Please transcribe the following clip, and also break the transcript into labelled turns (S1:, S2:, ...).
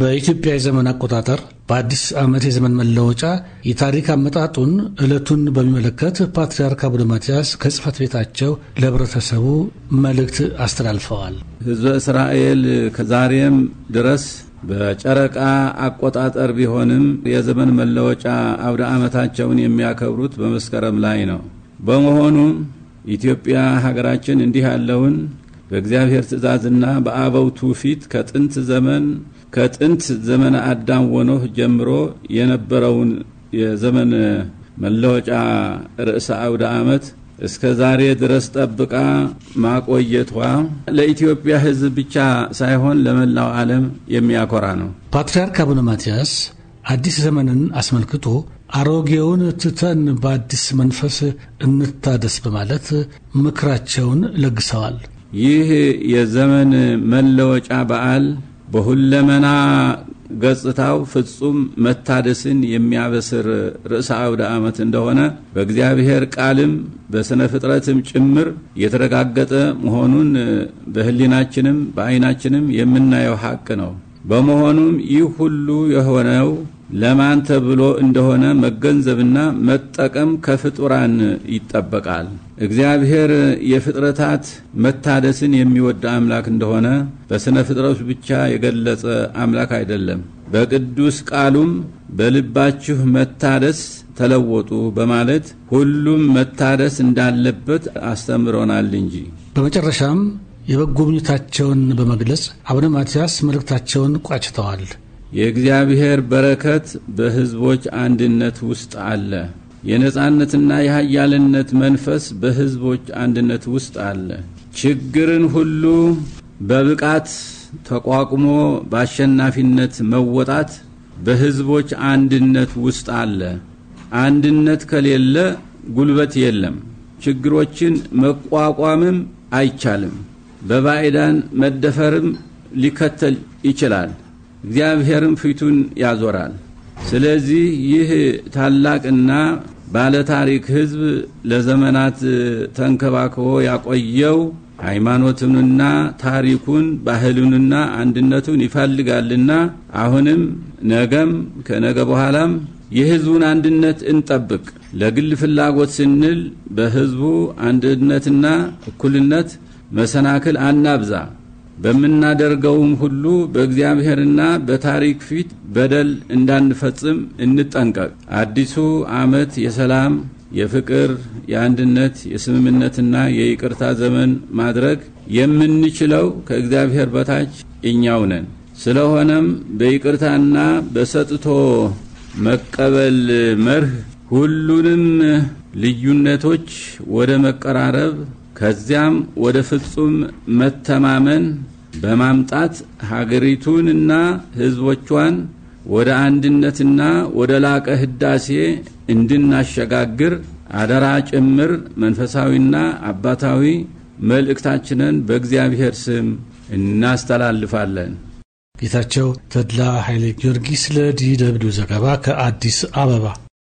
S1: በኢትዮጵያ የዘመን አቆጣጠር በአዲስ ዓመት የዘመን መለወጫ የታሪክ አመጣጡን ዕለቱን በሚመለከት ፓትርያርክ አቡነ ማትያስ ከጽህፈት ቤታቸው ለህብረተሰቡ መልእክት አስተላልፈዋል።
S2: ህዝበ እስራኤል ከዛሬም ድረስ በጨረቃ አቆጣጠር ቢሆንም የዘመን መለወጫ አውደ ዓመታቸውን የሚያከብሩት በመስከረም ላይ ነው። በመሆኑ ኢትዮጵያ ሀገራችን እንዲህ ያለውን በእግዚአብሔር ትእዛዝና በአበውቱ ፊት ከጥንት ዘመን ከጥንት ዘመነ አዳም ወኖህ ጀምሮ የነበረውን የዘመን መለወጫ ርዕሰ አውደ ዓመት እስከ ዛሬ ድረስ ጠብቃ ማቆየቷ ለኢትዮጵያ ሕዝብ ብቻ ሳይሆን ለመላው ዓለም የሚያኮራ ነው።
S1: ፓትርያርክ አቡነ ማትያስ አዲስ ዘመንን አስመልክቶ አሮጌውን ትተን በአዲስ መንፈስ እንታደስ በማለት ምክራቸውን ለግሰዋል።
S2: ይህ የዘመን መለወጫ በዓል በሁለመና ገጽታው ፍጹም መታደስን የሚያበስር ርዕሰ አውደ ዓመት እንደሆነ በእግዚአብሔር ቃልም በሥነ ፍጥረትም ጭምር የተረጋገጠ መሆኑን በህሊናችንም በዓይናችንም የምናየው ሀቅ ነው። በመሆኑም ይህ ሁሉ የሆነው ለማን ተብሎ እንደሆነ መገንዘብና መጠቀም ከፍጡራን ይጠበቃል። እግዚአብሔር የፍጥረታት መታደስን የሚወድ አምላክ እንደሆነ በሥነ ፍጥረቱ ብቻ የገለጸ አምላክ አይደለም። በቅዱስ ቃሉም በልባችሁ መታደስ ተለወጡ በማለት ሁሉም መታደስ እንዳለበት አስተምሮናል እንጂ
S1: በመጨረሻም የበጎብኝታቸውን በመግለጽ አቡነ ማትያስ መልእክታቸውን ቋጭተዋል።
S2: የእግዚአብሔር በረከት በሕዝቦች አንድነት ውስጥ አለ። የነጻነትና የኃያልነት መንፈስ በሕዝቦች አንድነት ውስጥ አለ። ችግርን ሁሉ በብቃት ተቋቁሞ በአሸናፊነት መወጣት በሕዝቦች አንድነት ውስጥ አለ። አንድነት ከሌለ ጉልበት የለም። ችግሮችን መቋቋምም አይቻልም። በባዕዳን መደፈርም ሊከተል ይችላል። እግዚአብሔርም ፊቱን ያዞራል። ስለዚህ ይህ ታላቅና ባለታሪክ ሕዝብ ለዘመናት ተንከባክቦ ያቆየው ሃይማኖትንና ታሪኩን ባህሉንና አንድነቱን ይፈልጋልና አሁንም ነገም ከነገ በኋላም የህዝቡን አንድነት እንጠብቅ። ለግል ፍላጎት ስንል በህዝቡ አንድነትና እኩልነት መሰናክል አናብዛ፣ በምናደርገውም ሁሉ በእግዚአብሔርና በታሪክ ፊት በደል እንዳንፈጽም እንጠንቀቅ። አዲሱ ዓመት የሰላም የፍቅር፣ የአንድነት፣ የስምምነትና የይቅርታ ዘመን ማድረግ የምንችለው ከእግዚአብሔር በታች እኛው ነን። ስለሆነም በይቅርታና በሰጥቶ መቀበል መርህ ሁሉንም ልዩነቶች ወደ መቀራረብ ከዚያም ወደ ፍጹም መተማመን በማምጣት ሀገሪቱንና ህዝቦቿን ወደ አንድነትና ወደ ላቀ ህዳሴ እንድናሸጋግር አደራ ጭምር መንፈሳዊና አባታዊ መልእክታችንን በእግዚአብሔር ስም እናስተላልፋለን።
S1: ጌታቸው ተድላ ኃይሌ ጊዮርጊስ ለዲ ዘገባ ከአዲስ አበባ